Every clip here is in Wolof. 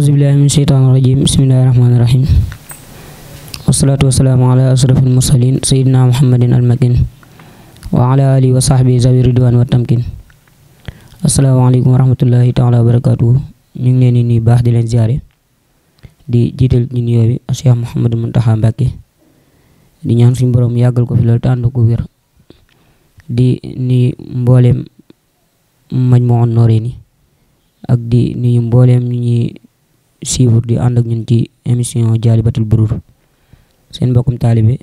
aousubillahi min sheytaan irajim bismillahi rahmaanirahim wasalaatu wasalaamu ala ashrafil mursalin sayidina muhammadin almakin wa ala alihi wa sahbi zawi ridwan wa tamkin asalaamaaleykum wa rahmatullahi taala wa barakatuhu di nuyu baax di leen ziare di jiital ñu nuyoo bi Cheikh Mouhamadou Mountakha Mbacké di ñaan suñu borom yàggal ko fi loolu tànd ko wér di nuyu mbooleem Majmahun Nurayni ak di nuyu mbooleem ñu ñuy siiwur di ànd ak ñun ci émission Dialibatoul Bourour seen mbokkum taalibe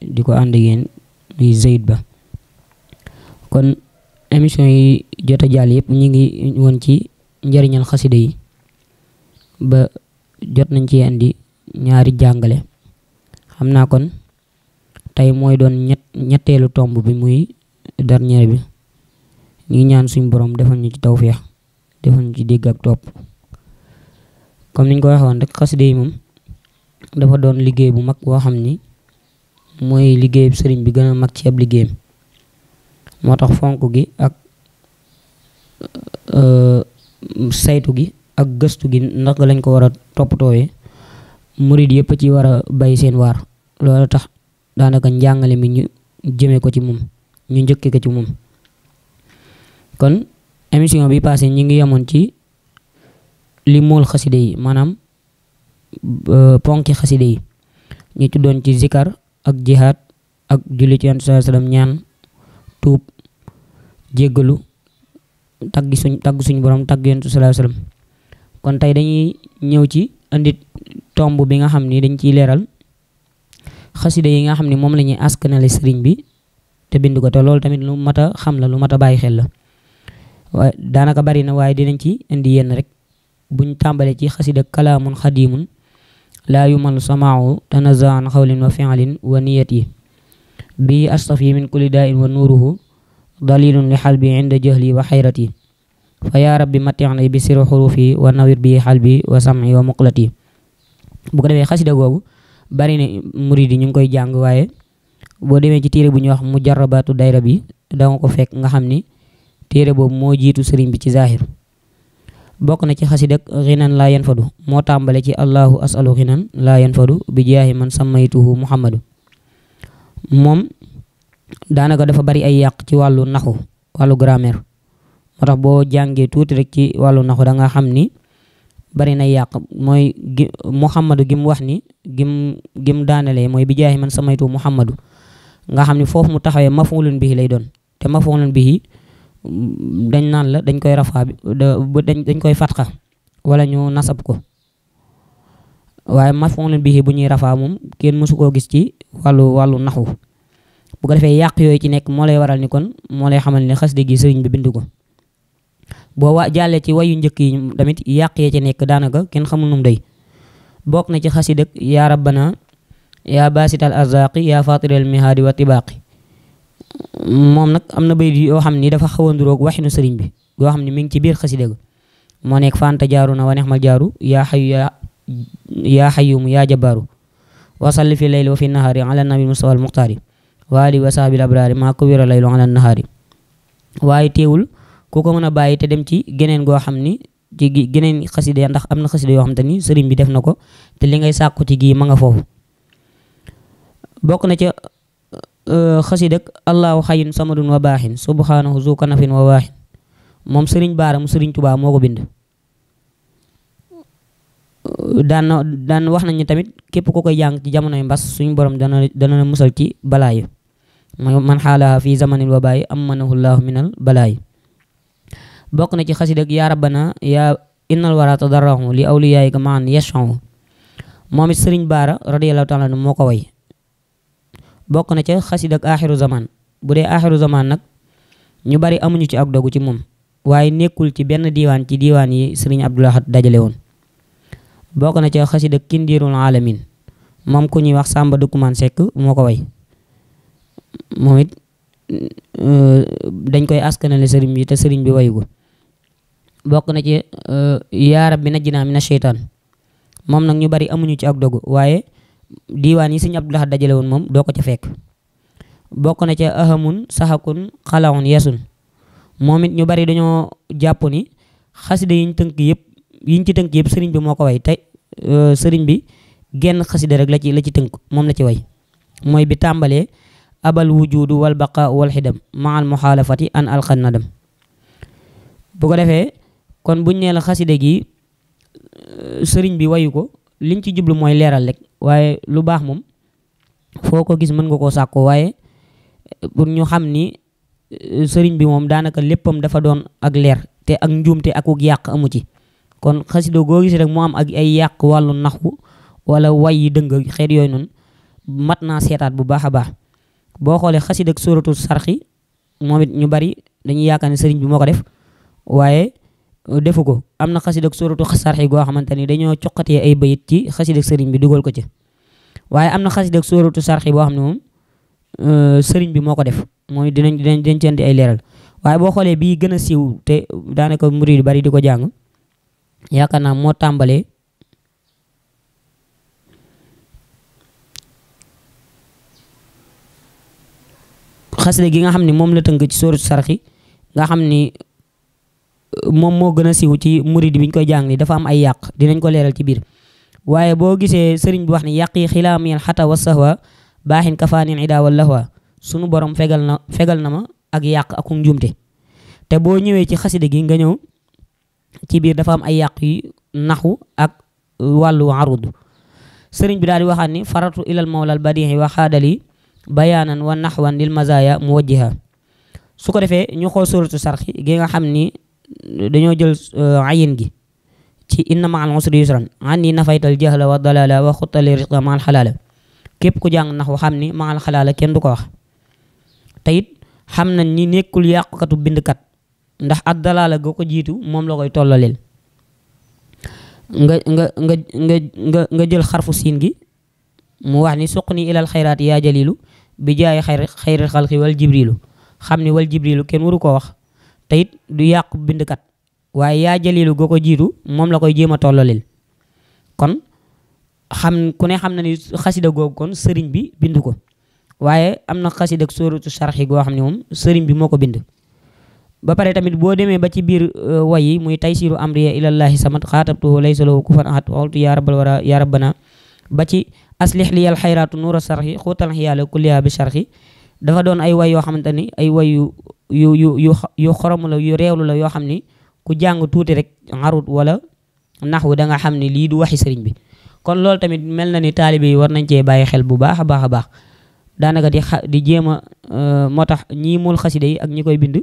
di ko ànd ak yéen muy Zaid Ba kon émission yi jot a jàll yëpp ñu ngi woon ci njëriñal xaside yi ba jot nañ ci indi ñaari jàngale xam naa kon tey mooy doon ñett ñetteelu tomb bi muy dernier bi ñu ñaan suñ borom defal ñu ci tawfeex defal ñu ci dégg ak topp comme niñ ko waxee woon rek xasida yi moom dafa doon liggéey bu mag boo xam ni mooy liggéeyub sëriñ bi gën a mag ci ab liggéeyam moo tax fonk gi ak euh, saytu gi ak gëstu gi ndax lañ ko war a toppatoowee murid yëpp ci war a bay seen waar loolu tax daanaka njàngale mi ñu jëme ko ci moom ñu njëkke ko ci moom kon émission bi passé ñi ngi yemoon ci li mool xaside yi maanaam euh, ponki xaside yi ñu tuddoon ci zikar ak jihaad ak julli ci yonent sallallahu alayhi ñaan tuub jéggalu tagg suñ tagg suñu boroom tagg yonent sallallahu alayhi kon tey dañuy ñëw ci indi tomb bi nga xam ni dañ ciy leeral xaside yi nga xam ni moom lañuy ñuy askanale sëriñ bi te bind ko te loolu tamit lu mat a xam la lu mat a bàyyi xel la waaye daanaka bari na waaye dinañ ci indi yenn rek buñ tàmbalee ci xasida kalaamun xadimun laa yumal samaahu tanazaan xawlin wa fi'lin wa niyat bi astafi min kulli daa'in wa nuuruhu dalilun li xalbi inda jahli wa xayrati fa yaa rabbi matixna bi siri xurufi wa nawir bi xalbi wa sam'i wa muqlati bu ko defee xasida googu bari na murid yi ñu ngi koy jàng waaye boo demee ci téere bu ñuy wax mujarabatu dayra bi da nga ko fekk nga xam ni téere boobu moo jiitu sëriñ bi ci zahir bokk na ci xasidak xinan laa yan fadu moo tàmbale ci allahu asalu xinan laa yenn fadu bi jaahi man sammaytuhu muhammadu moom daanaka dafa bari ay yàq ci wàllu naxu wàllu grammaire moo tax boo jàngee tuuti rek ci wàllu naxu da nga xam ni bari na yàq mooy gi muhammadu gim wax ni gim gim daanalee mooy bi jaahi man sammaytuhu muhammadu nga xam ni foofu mu taxawee mafulun bihi lay doon te mafulun bihi dañ naan la dañ koy rafaa bi dañ koy fatxa wala ñu nasab ko waaye maf'ulun bihi bu ñuy rafaa moom kenn mësu koo gis ci wàllu wàllu naxu bu ko defee yàq yooyu ci nekk moo lay waral ni kon moo lay xamal ne xasida gi sëriñ bi bind ko boo wa jàllee ci wayu njëkk yi tamit yàq yee ci nekk daanaka kenn xamul num day bokk na ci xasidak yaa rabbana yaa baasital arzaqi yaa faatiral mihaadi wa tibaaqi moom nag am na bayit yoo xam ni dafa xaw a nduroog waxinu sëriñ bi goo xam ni mi ngi ci biir xasida ga moo nekk fanta jaaru na wa neex ma jaaru yaa xayu yaa yaa xayumu yaa jabaaru wasalli fi leyli wa fi nahaari ala nabi mustafa al muxtaari wa ali wa sahbil abraari maa ko wéra laylu ala nahaari waaye teewul ku mën a bàyyi te dem ci geneen goo xam ni ci geneen xasida ndax am na xasida yoo xam te ni sëriñ bi def na ko te li ngay sàkku ci gii ma nga foofu bokk na ca Euh, xasidak allahu xayun samadun wa baaxin subhanahu zu kanafin wa waaxin moom sëriñ baara mu sëriñ tubaa moo ko bind daan na daan wax nañu tamit képp ko koy jàng ci jamonoy mbas suñ borom dana dana musal ci balaayu mooy man xaalaha fi zamanil wabaayi amanahu llahu minal balaayi bokk na ci xasidak yaa rabbana yaa innal wara li awliyaayika maan yashahu moom sëriñ baara radiallahu taala moo ko way bokk na ca xasida ak aaxiru zamaan bu dee aaxiru zamaan nag ñu bari amuñu ci ak dogu ci moom waaye nekkul ci benn diwaan ci diwaan yi sëriñ Abdul dajale woon bokk na ca xasida ak kindiirul alamin moom ku ñuy wax Sàmba Dukumaan Sekk moo ko way moom it euh, dañ koy askanale sëriñ bi te sëriñ bi wayu bokk na ci euh, yaarab bi najjinaa mina sheytaan moom nag ñu bari amuñu ci ak dogu waaye diwaan yi sëñ Abdul Ahad dajale woon moom doo ko ca fekk bokk na ca ahamun saxakun xalawun yesun moom it ñu bari dañoo jàpp ni xasida yiñ tënk yëpp yiñ ci tënk yëpp sëriñ bi moo ko way te euh, sëriñ bi genn xasida rek la ci la ci tënk moom la ci way mooy bi tàmbalee abal wujudu wal baqa dem xidam maal muxaalafati an alxan nadam bu ko defee kon buñ nee la xasida gi euh, sëriñ bi wayu ko liñ ci jublu mooy leeral rek waaye lu baax moom foo ko gis mën nga koo sàkkoo waaye eh, pour ñu xam ni eh, sëriñ bi moom daanaka léppam dafa doon ak leer te ak njuumte akuk yàq amu ci kon xasida goo gis rek mu am ak ay yàq wàllu naxu wala way yi dëng xeet yooyu noonu mat naa seetaat bu baax a baax boo xoolee xasida ak sóoratu sarxi moom it ñu bari dañuy yaakaar ne sëriñ bi moo ko def waaye defu ko am na xasida ak suratu sarxi goo xamante ni dañoo coqatee ay bayit ci xasida ak sëriñ bi dugal ko ci waaye am na xasida ak suratu sarxi boo xam ne moom euh, sëriñ bi moo ko def mooy dinañ dinañ dinañ ay leeral waaye boo xoolee bii gën a siiw te daanaka murid bari di ko jàng yaakaar naa moo tàmbalee xasida gi nga xam ne moom la tënk ci sóoratu sarxi nga xam ni moom moo gën a siiw ci murid bi ñu koy jàng ni dafa am ay yàq dinañ ko leeral ci biir waaye boo gisee sëriñ bi wax ni yàq yi xilaamiyal xata wa sahwa baaxin kafaanin ida wal lahwa sunu borom fegal na fegal na ma ak yàq ak um njumte te boo ñëwee ci xasida gi nga ñëw ci biir dafa am ay yàq yu naxu ak wàllu arud sëriñ bi daal di waxaat ni faratu ilal mawlal badixi wa xaadali bayaanan wa naxwan lil mazaya muwajjiha su ko defee ñu xool suratu sarxi gi nga xam ni dañoo jël euh, ayin gi ci inna ma al usri yusran an ni nafaytal jahla wa dalala wa xuttali risqa ma képp ku jàng nax wa xam ni ma al xalaala kenn du ko wax te xam nañ ni nekkul yàqukatu bindkat ndax ad dalaala ga ko jiitu moom la koy tollaleel nga nga nga nga nga nga jël xarfu siin gi mu wax ni suqni ilal xayraat yaa jalilu bi jaay xayr xayril xalqi wal jibrilu xam ni wal jibrilu kenn waru ko wax te it du yàqu kat waaye yaa jalilu goo ko jiitu moom la koy jéem a tollalil kon xam ku ne xam na ni xasida googu kon sëriñ bi bind ko waaye am na xasida ak sóoratu sarxi goo xam ne moom sëriñ bi moo ko bind ba pare tamit boo demee ba ci biir euh, way yi muy taysiru amriya ilallahi samat xaatabtuhu laysa lahu kufan ahad xawltu yaa rabbal wara yaa rabbana ba ci aslix liyal xayraatu nuura sarxi xuutal xiyaala kulliya bi sarxi dafa doon ay way yoo xamante ni ay way yu yu yu yu yu yu reewlu la yoo xam ni ku jàng tuuti rek xarut wala naxwu da nga xam ni lii du waxi sëriñ bi kon loolu tamit mel na ni taalibe yi war nañ cee bàyyi xel bu baax a baax a baax daanaka di xa di jéem a euh, moo tax ñii muul xasida yi ak ñi koy bind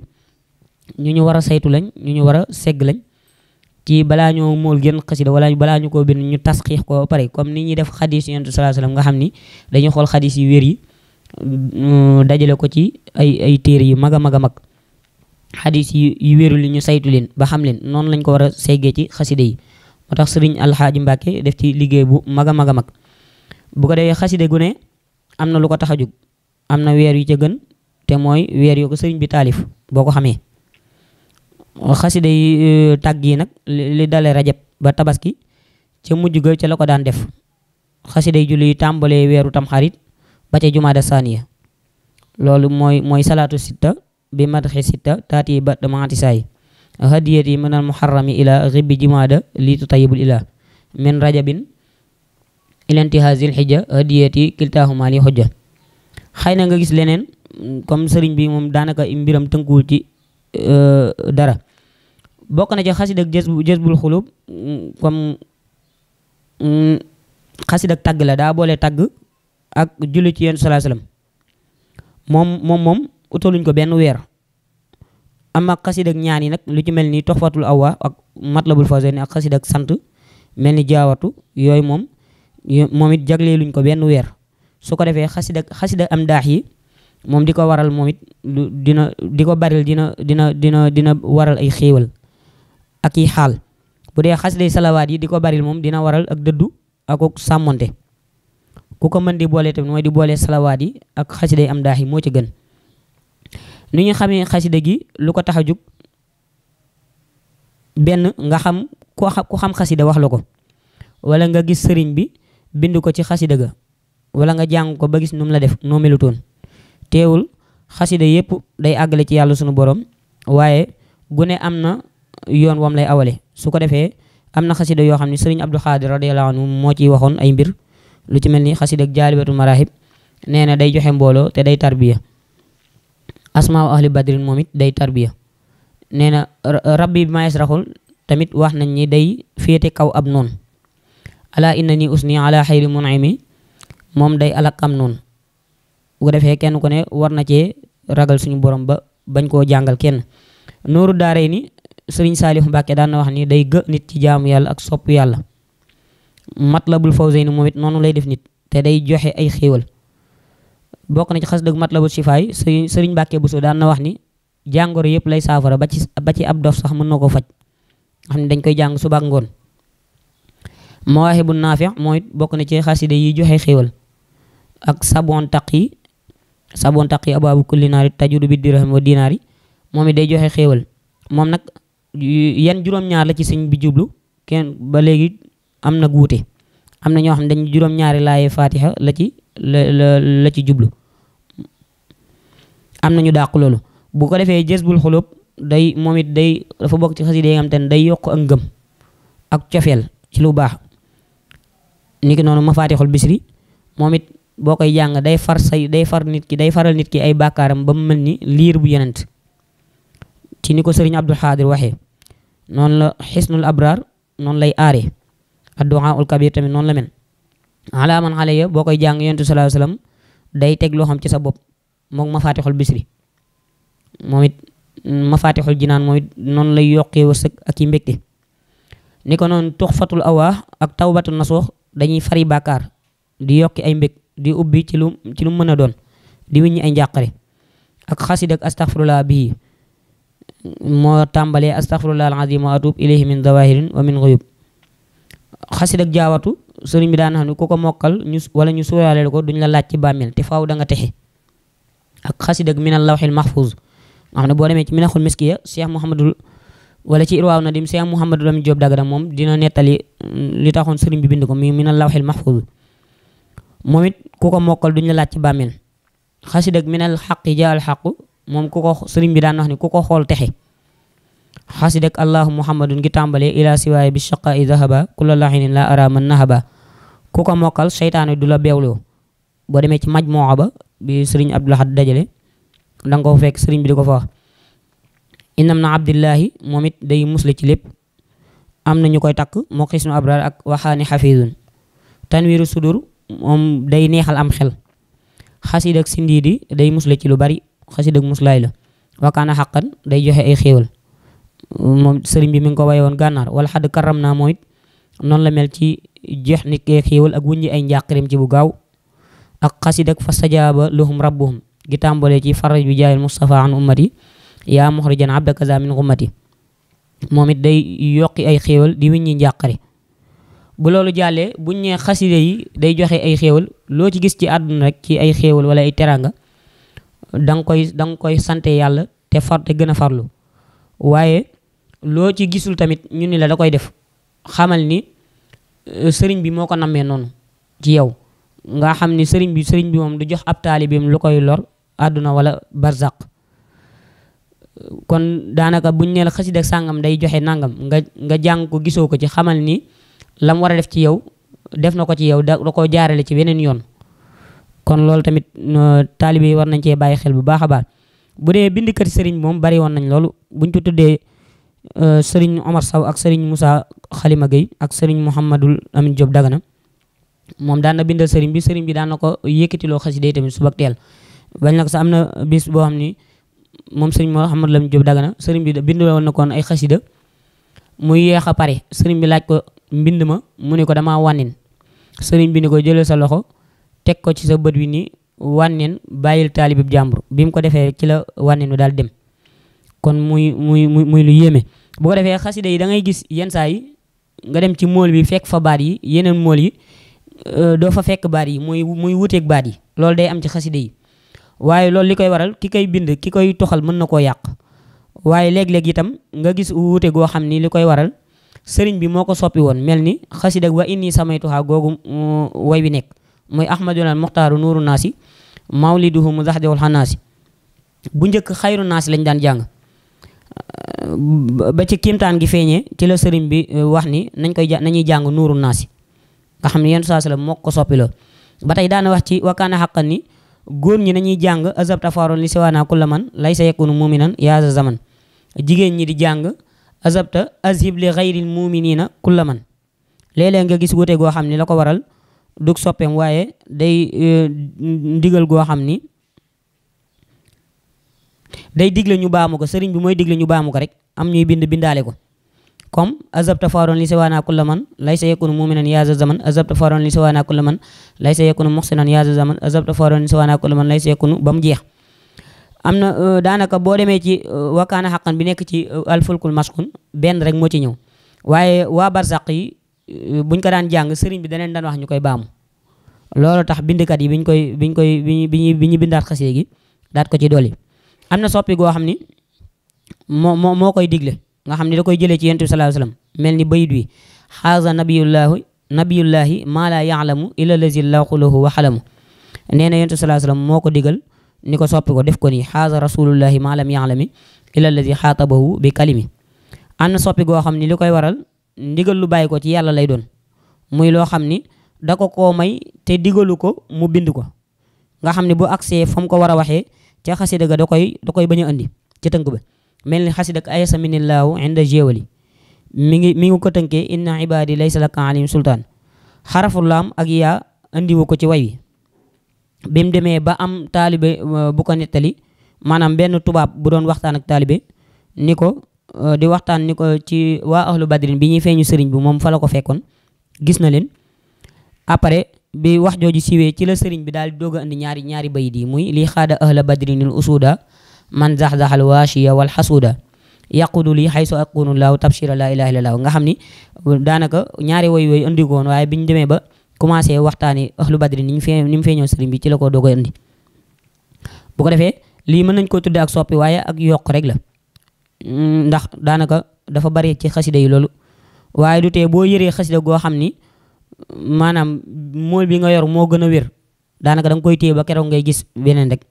ñu ñu war a saytu lañ ñu ñu war a segg lañ ci balaa ñoo mool gën xasida wala balaa ñu koo bind ñu tas tasxiix ko pare comme ni ñuy def xadis yonent sallallahu alayhi wasallam nga xam ni dañuy xool xadis yi wér yi dajale ko ci ay ay téere yu mag a mag a mag xadis yi yu wérul li ñu saytu leen ba xam leen noonu lañ ko war a seggee ci xaside yi moo tax sëriñ alxaaji mbàkke def ci liggéey bu mag a mag mag bu ko defee xaside gu ne am na lu ko tax a jóg am na weer yu ca gën te mooy weer yu ko sëriñ bi taalif boo ko xamee xaside yi euh, tàgg yi nag li dale rajab ba tabaski ca mujj ga ca la ko daan def xasida yi julli tàmbalee weeru tamxarit ba ca jumaada saaniya loolu mooy mooy salaatu sitta bi madxi sitta taati ba damaati saay hadiyat yi min muharrami ila ghibbi jumaada li tutayibul ilah min rajabin ila intihazil xijja hadiyat yi kiltaahuma li xujja xëy na nga gis leneen comme sëriñ bi moom daanaka mbiram tënkuwul ci euh, dara bokk na ci xasid ak jazbul xulub comme mm, xasid ak la daa boole tagg ak julli ci yéen salaa salaam moom moom moom utaluñ ko benn weer am ak xasid ak ñaan yi nag lu ci mel ni toxfatul awwa ak matlabul fawzayni ak xasid ak sant mel ni jaawatu yooyu moom moom it jagleeluñ ko benn weer su ko defee xasid ak xasida am daax yi moom di ko waral moom dina di ko baril dina dina dina dina waral ay xéewal ak yi xaal bu dee xasiday salawaat yi di ko baril moom dina waral ak dëddu ak ak ku ko mën di boole tamit mooy di boole salawaat yi ak xasida yi am daax yi moo ci gën ni ñu xamee xasida gi lu ko tax a jóg benn nga xam koo xam ku xam xasida wax la ko wala nga gis sëriñ bi bind ko ci xasida ga wala nga jàng ko ba gis nu la def noo melutoon teewul xasida yépp day àggale ci yàlla sunu borom waaye gune am na yoon wam lay awale su ko defee am na xasida yoo xam ne sëriñ Abdou Khadir radiyallahu anhu moo ciy waxoon ay mbir lu ci mel ni xasida ak jaalibatu marahib nee na day joxe mbooloo te day tarbiya asmaa ahli badrin moom it day tarbiya nee na rabbi bi maes raxul tamit wax nañ ni day féete kaw ab noon ala inna ni usni ala xayri moom day alak am noonu bu ko defee kenn ku ne war na cee ragal suñu borom ba bañ koo jàngal kenn nooru daare ni sëriñ Saalif Mbàkke daan na wax nii day gë nit ci jaamu yàlla ak sopp yàlla matlabul fawzayni moom it noonu lay def nit te day joxe ay xéewal bokk na ci xas dëgg matlabul shifaay sëriñ bu Buso daan na wax ni jàngoro yëpp lay saafara ba ci ba ci ab dof sax mën na ko faj xam ne dañ koy jàng suba ak ngoon mawaahibu naafi' mooy bokk na ci xasida yi joxe xéewal ak sabon taq yi sabon taq yi abaabu kulli naari tajudu bi dirham wa dinaar yi moom it day joxe xéewal moom nag yan juróom-ñaar la ci sëñ bi jublu kenn ba léegi am na guute am na ñoo xam ne dañu juróom-ñaari laaye fatiha la ci la la ci jublu am na ñu dàq loolu bu ko defee jësbul xulub day moom it day dafa bokk ci xasida yi nga day yokk ak ngëm ak cofeel ci lu baax ni ki noonu mafaatixul bisri moom it boo koy jàng day far say day far nit ki day faral nit ki ay bàkkaaram ba mu mel ni liir bu yenent ci ni ko sëriñ Abdul Xaadir waxee noonu la xisnul abraar noonu lay aaree addu'a ul kabir tamit noonu la mel ala man alayya boo koy jàng yontu sallallahu alayhi day teg loo xam ci sa bopp moom mafaatixul bisri moom it mafaatixul jinaan moom it noonu lay yokkee wërsëg ak yi ko noonu tuxfatul awaa ak tawbatul dañuy fari bàkkaar di mbég di ubbi ci lu ci lu mën a doon di wiññi ay njàqare ak xasid ak astaxfirullah bii moo tàmbalee astaxfirullah al wa atub ilayhi min dawahirin wa min xuyub xasid ak jaawatu sëriñ bi daan xam ne ku ko mokkal ñu wala ñu suuraaleel ko duñ la laaj ci bàmmeel te faaw da nga texe ak xasid ak minal lawxil mahfuz nga xam ne boo demee ci minaxul miskiya cheikh mouhamadul wala ci irwaaw na dim cheikh mouhamadul lam joob moom dina nettali mm, li taxoon sëriñ bi bind ko mi minal lawxil mahfuz moom it ku ko mokkal duñ la laaj ci bàmmeel xasid ak minal xaqi jaal xaqu moom ku ko sëriñ bi daan nax ni ku ko xool texe xasidak allahu muhammadun gi tàmbalee ila siwaay bi shaqa i dahaba kula laxinin la ara man nahaba ku ko mokkal seytaane du la beewloo boo demee ci maj moo ba bi sëriñ Abdul Ahad dajale danga ko fekk sëriñ bi di ko fa wax na abdillahi moom it day musle ci lépp am na ñu koy takk moo xisnu abrar ak waxaani xafidun tanwiru sudur moom day neexal am xel si sindiidi day musle ci lu bari xasidak muslaay la wakaana xaqan day joxe ay xéewal moom sëriñ bi mi ngi ko waye woon gànnaar wala xadd karam naa mooy noonu la mel ci jeex nit kee xéewal ak wuññi ay njàqareem ci bu gaaw ak xasid ak fastajaaba lahum rabbuhum gi tàmbalee ci faraj bi jaayil Mustafa an ummati yaa muxrijan moom it day yokki ay xéewal di wuññi njàqare bu loolu jàllee buñ ñee xaside yi day joxe ay xéewal loo ci gis ci àdduna rek ci ay xéewal wala ay teranga danga koy danga koy sante yàlla te far te gën a farlu waaye loo ci gisul tamit ñu nii la da koy def xamal ni euh, sëriñ bi moo ko nammee noonu ci yow nga xam ni sëriñ bi sëriñ bi moom du jox ab taalibeem lu koy lor àdduna wala barzaq kon daanaka buñ ne la xasida sàngam day joxe nàngam nga nga jàng ko gisoo ko ci xamal ni lam war a def ci yow def na ko ci yow da koo jaarale ci weneen yoon kon loolu tamit taalibe yi war nañ cee bàyyi xel bu baax a baax bu dee bindikati sëriñ moom bari woon nañ loolu Euh, sëriñ Omar Saw ak sëriñ Moussa Xalima Gueye ak sëriñ Mouhamadul Amin Diop Dagana moom daan na bindal sëriñ bi sëriñ bi daan na ko yëkkatiloo xasida yi tamit subak teel bañ na ko sax am na bis boo xam ni moom sëriñ Mouhamadul Amin Diop Dagana sëriñ bi bindoon na koon ay xasida muy yeex a pare sëriñ bi laaj ko mbind ma mu ni ko dama wànnin sëriñ bi ni ko jëlee sa loxo teg ko ci sa bët wi nii wànnin bàyyil taalibib jàmbur bi mu ko defee ci la wànneenu wi daal dem kon muy muy muy muy lu yéeme boo defee xasida yi da ngay gis yenn saa yi nga dem ci mool bi fekk fa baat yi yeneen mool yi euh, doo fa fekk baat yi muy muy wuteeg baat yi loolu day am ci xasida yi waaye loolu li koy waral ki koy bind ki koy toxal mën na koo yàq waaye léeg-léeg itam nga gis wuute goo xam ni li koy waral sëriñ bi moo ko soppi woon mel ni xasida wa samay samaytuha googu mm, woy bi nekk mooy ahmadunal muxtaaru nuuru naasi mawliduhu mu zaxdewul xanaasi bu njëkk xayru naasi lañ daan jàng ba ci kiimtaan gi feeñee ci la sëriñ bi eh, wax ni nañ koy nañuy jàng nuuru naasi nga xam ne yenn saa la moo ko soppi la ba tey daana wax ci wakkaana xaqan ni góor ñi nañuy jàng azab tafaaroon li siwaana kulla man lay sa yakunu muminan ñi di jàng azabta azhib li xayril muminina kulla man léeg-léeg nga gis wute goo xam ni la ko waral dug soppeem waaye day eh, ndigal goo xam ni day digle ñu baamu ko sëriñ bi mooy digle ñu baamu ko rek am ñuy bind bindaale ko comme azabta faron li sawaana kulla man laysa yakunu muminan yaza zaman azabta faron li sawaana kulla man laysa yakunu muxsinan yaza zaman azabta faron li sawaana kulla man laysa yakunu ba mu jeex am na euh, daanaka boo demee ci euh, wakaana xaqan bi nekk ci euh, alfulkul maskun benn rek moo ci ñëw waaye waa barsàq yi buñ ko daan jàng sëriñ bi daneen daan wax ñu koy baamu loolu tax kat yi biñ koy biñ koy bi bi ñuy bindaat xasee gi daat ko ci dolli am na soppi goo xam ni moo moo moo koy digle nga xam ni da koy jëlee ci yonent bi sallallahu alayhi wasallam mel ni bayit wi xaaza nabiyullahi nabiyullahi maa la yaalamu illa lazi la wa xalamu nee na yonent bi sallallahu moo ko digal ni ko soppi ko def ko nii xaaza rasulullahi maa lam yaalami illa lazi xaatabahu bi kalimi am na soppi goo xam ni li koy waral ndigal lu bàyyi ko ci yàlla lay doon muy loo xam ni da ko koo may te digalu ko mu bind ko nga xam ni bu agsee fa ko war a ca xasida ga da koy da koy bañ a andi ca tënk ba mel ni xasida ak ayasa minillaahu inda jéewali mi ngi mi ngi ko tënkee inna ibaadi laysa laka alim sultaan xaraful laam ak yaa andiwu ko ci way wi bi demee ba am taalibe uh, bu ko nettali maanaam benn tubaab bu doon waxtaan ak taalibe ni ko uh, di waxtaan ni ko ci waa ahlu badrin bi ñuy feeñu sëriñ bi moom fa ko fekkoon gis na leen après bi wax jooju siwee ci la sëriñ bi daal di doog a indi ñaari ñaari bayit yi muy lii xaada ahla badrinil usuda man zaxzaxal waashiya wal xasuda yaqudu lii xaysu akunu laaw tabshira laa ilaha illallah nga xam ni daanaka ñaari woy woy indi koon woon waaye biñ demee ba commencé waxtaani ahlu badri ni ñu fee ni mu feeñoo sëriñ bi ci la ko doog a indi bu ko defee lii mën nañ ko tudde ak soppi waaye ak yokk rek la mm, ndax daanaka dafa bari ci xasida yi loolu waaye du tee boo yëree xasida goo xam ni maanaam mool bi nga yor moo gën a wér daanaka danga koy téye ba keroog ngay gis beneen rek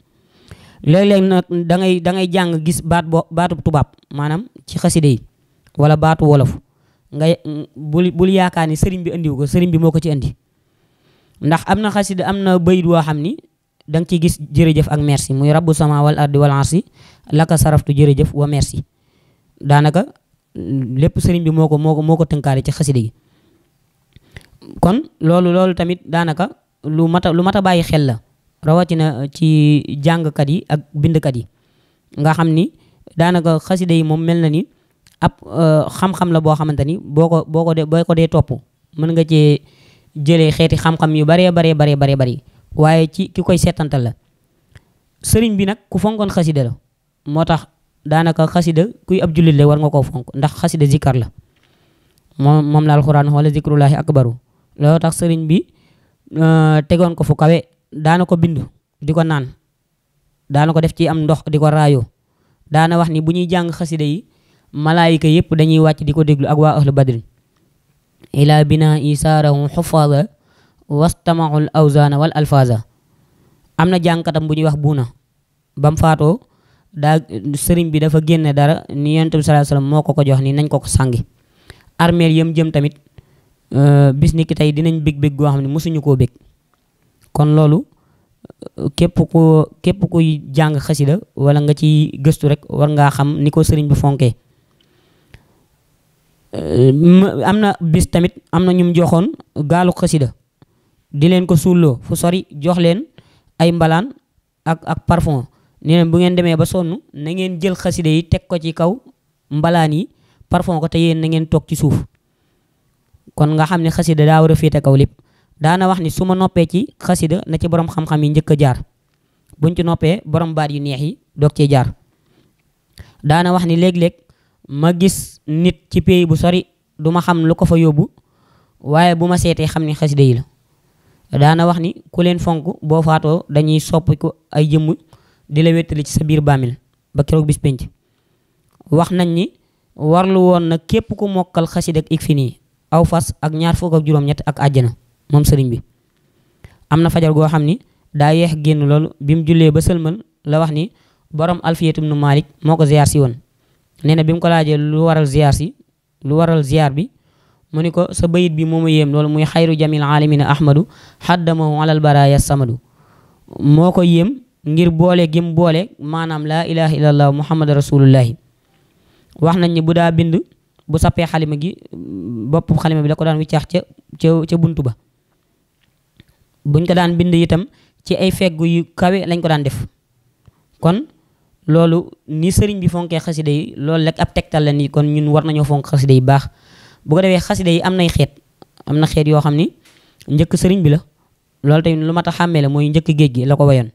léeg-léeg nag da ngay da ngay jàng gis baat bo baatu tubaab maanaam ci xaside yi wala baatu wolof ngay bul bul yaakaar ni sëriñ bi indiwu ko sëriñ bi moo ko ci indi ndax am na xaside am na bayit woo xam ni da nga ciy gis jërëjëf ak merci muy rabbu sama wal ardi wal arsi laka saraftu jërëjëf wa merci daanaka lépp sëriñ bi moo ko moo ko moo ko tënkaale ci xaside yi kon loolu loolu tamit daanaka lu mat a lu mat a bàyyi xel la rawatina ci jàngkat yi ak bindkat yi nga xam ni daanaka xasida yi moom mel na ni ab euh, xam-xam la boo xamante ni boo ko boo ko dee ko dee topp mën nga cee jëlee xeeti xam-xam yu baree baree bare baree bari waaye ci ki koy seetantal la sëriñ bi nag ku fonkoon xasida la moo tax daanaka xasida kuy ab jullit la war nga koo fonk ndax xasida zikar la moom moom la alxuraan xoola ak akbaru loolu tax sëriñ bi euh, tegoon ko fu kawe daana ko bind di ko naan daana ko def ci am ndox di ko raayoo daana wax ni bu ñuy jàng xasida yi malaayika yëpp dañuy wàcc di ko déglu ak waa ahlu badrin ila bina isaarahum xufaada wastamaul awzaana wal alfaaza am na jàngkatam bu ñuy wax buuna bam faatoo daa sëriñ bi dafa génn dara ni yonent bi sallallahu moo ko ko jox ni nañ ko ko sàngi armeel yam jëm tamit Euh, bis ni tey dinañ big bég goo xam ne mosuñu koo bég kon loolu euh, képp ko képp kuy jàng xasida wala nga ci gëstu rek war ngaa xam ni ko sëriñ bi fonkee euh, am na bis tamit am na ñum joxoon gaalu xasida di leen ko suuloo fu sori jox leen ay mbalaan ak ak parfum nee leen bu ngeen demee ba sonn na ngeen jël xasida yi teg ko ci kaw mbalaan yi parfum ko te yéen na ngeen toog ci suuf kon nga xam ne xasida daa war a féete kaw lépp daana wax ni su ma noppee ci xasida na ci boroom xam-xam yi njëkk a jaar buñ ci noppee borom baat yu neex yi doog cee jaar daana wax ni léeg-léeg ma gis nit ci pays bu sori du ma xam lu ko fa yóbbu waaye bu ma seetee xam ni xasida yi la daana wax ni ku leen fonk boo faatoo dañuy sopp ko ay jëmm di la wéttali ci sa biir bàmmeel ba keroog bis pénc wax nañ ni warlu woon na képp ku mokkal xasida ak fi nii aw fas ak ñaar fukk ak juróom-ñett ak àjjana moom sëriñ bi am na fajar goo xam ni daa yeex génn loolu bi mu jullee ba sëlmal la wax ni boroom alfiyetum nu Malik moo ko ziar si woon nee na bi mu ko laajee lu waral ziar si lu waral ziar bi mu ni ko sa bayit bi moo ma yéem loolu muy xayru jamil alamina ahmadu xaddamahu alal baraya samadu moo ko yéem ngir boole gim boole maanaam laa ilaha illallah muhammad rasulullahi wax nañ ni bu daa bind bopp xalima bi da ko daan wiccax ca ca ca buntu ba buñ ko daan bind itam ci ay feggu yu kawe lañ ko daan def kon loolu ni sëriñ bi fonkee xasida yi loolu rek ab tegtal la ni kon ñun war nañoo fonk xasida yi baax bu ko defee xasida yi am nay xeet am na xeet yoo xam ni njëkk sëriñ bi la loolu te lu mat a xàmmee la mooy njëkk géej gi la ko wayoon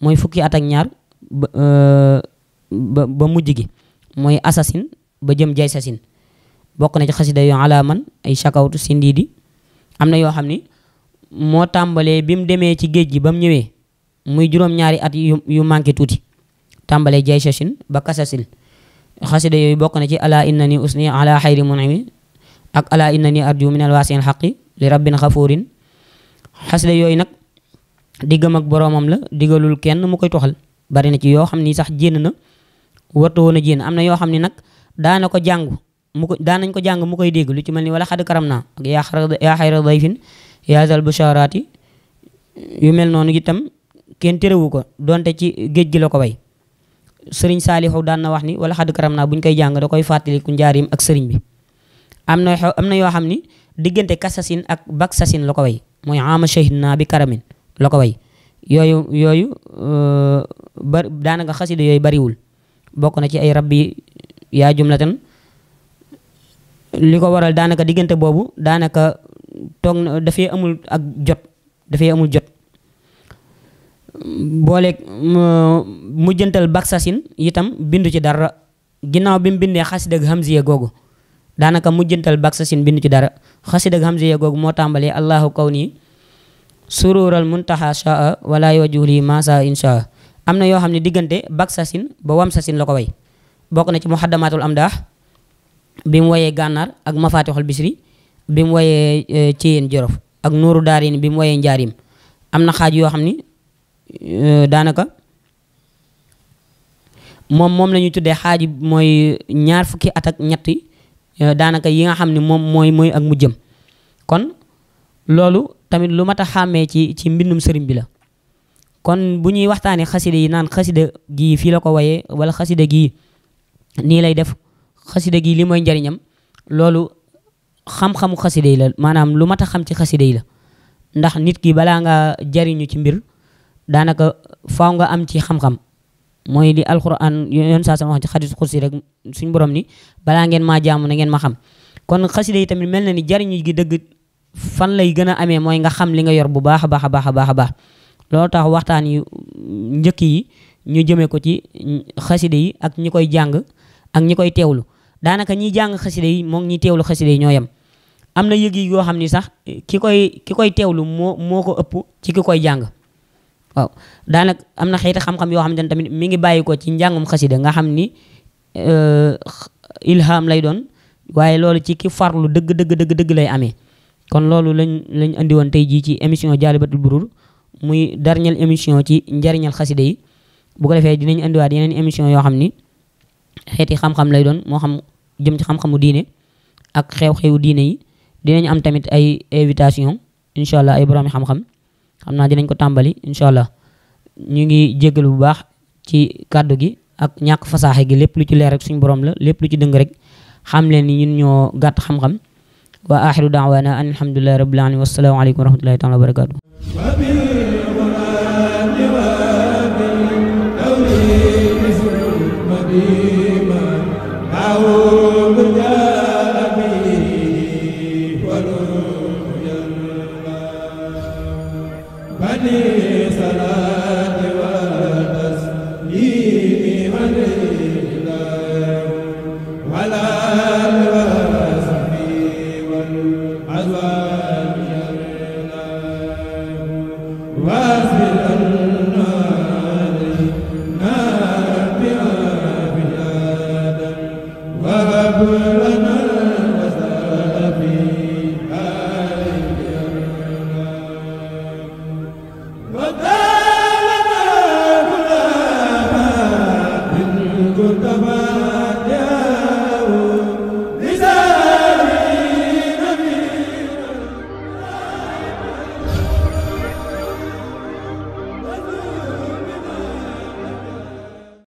mooy fukki at ak ñaar ba euh, mujj gi mooy assasine ba jëm jay sasin bokk na ci xasida yu alaaman ay sakawtu sindiidi am na yoo xam ni moo tàmbalee bi mu demee ci géej gi ba mu ñëwee muy juróom at yu manqué tuuti tàmbalee jay sasin ba kasasin xasida yooyu bokk na ci ala inna ni usni ala xayri munimi ak ala inna ni arju min alwaasiin xaqi li rabbin xafuurin xasida yooyu nag diggam ak boroomam la diggalul kenn mu koy toxal bari na ci yoo xam ni sax jénn na warta woon a jénn am na yoo xam ni nag daana ko jàngu mu ko daan nañ ko jàng mu koy dégg lu ci mel ni wala xad karam naa ak yaa xayra dayfin yaa zal busharaati yu mel noonu itam kenn terewu ko donte ci géej gi la ko way sëriñ Saalixu daan na wax ni wala xad karam naa buñ koy jàng da koy fàttali njaarim ak sëriñ bi am na yoo xam ni diggante kasasin ak bak sasin la ko way mooy ama shahid naa bi karamin la ko way yooyu yooyu euh, ba daanaka xasida yooyu bariwul bokk na ci ay rabbi yaa jumlatan li ko waral daanaka diggante boobu daanaka toog na dafay amul ak jot dafay amul jot boole mm, mujjantal baksasin itam bindu ci dara ginnaaw bi mu bindee xasida ak hamziya googu daanaka mujjantal baksasin bindu ci dara xasida ak hamziya googu moo tàmbalee allahu kaw nii surural muntaha shaa wala yojuli masa inshaa am na yoo xam ne diggante baksasin ba wamsasin la ko way bokk na ci muhaddamatul amdaax bi mu woyee gànnaar ak mafaatixul bisri bi mu woyee eh, ciyeen jorof ak nooru daarin bi mu woyee njaarim am na xaaj yoo xam ni eh, daanaka moom moom la ñuy tuddee xaaji mooy ñaar fukki at ak ñetti eh, daanaka yi nga xam ni moom mooy mooy ak mujjëm kon loolu tamit lu mat a xàmmee ci ci mbindum sëriñ bi la kon bu ñuy waxtaanee xasida yi naan xasida gii fii la ko wayee wala xasida gii nii lay def xasida gi li mooy njariñam loolu xam-xamu xasida yi la maanaam lu mat a xam ci xasida yi la ndax nit ki balaa nga jariñu ci mbir daanaka faaw nga am ci xam-xam mooy di alquran yoon saa sama ci xadis rek suñ borom ni balaa ngeen maa jaamu na ngeen ma xam kon xasida yi tamit mel na ni jariñu gi dëgg fan lay gën a amee mooy nga xam li nga yor bu baax a baax a baax a baax a loolu tax waxtaan yu njëkk yi ñu jëmee ko ci xasida yi ak ñi koy jàng ak ñi koy teewlu daanaka ñiy jàng xasida yi moom ñi teewlu xasida yi ñoo yam am na yëg yi yoo xam ni sax ki koy ki koy teewlu moo moo ko ëpp ci ki koy jàng waaw daanaka am na xeeti xam-xam yoo xam ne tamit mi ngi bàyyi ko ci njàngum xasida nga xam ni euh, ilham lay doon waaye loolu ci ki farlu dëgg dëgg dëgg dëgg lay ame kon loolu lañ lañ andi tey jii ci émission jaalibatul burul muy dernière émission ci njariñal xasida yi bu ko defee dinañ indiwaat yeneen émission yoo xam ni xeeti xam-xam lay doon moo xam jëm ci xam-xamu diine ak xew xew diine yi dinañ am tamit ay invitation incha allah ay borom xam-xam xam naa dinañ ko tàmbali incha allah ñu ngi jégalu bu baax ci kàddu gi ak ñàkk fasaaxe gi lépp lu ci leer rek suñ borom la lépp lu ci dëng rek xam leen ni ñun ñoo gàtt xam-xam wa axiru daawaana an alhamdulilahi rabbil alamin wassalaamu aleykum wa rahmatullahi taala wa barakatuh li salaati wa tasliimi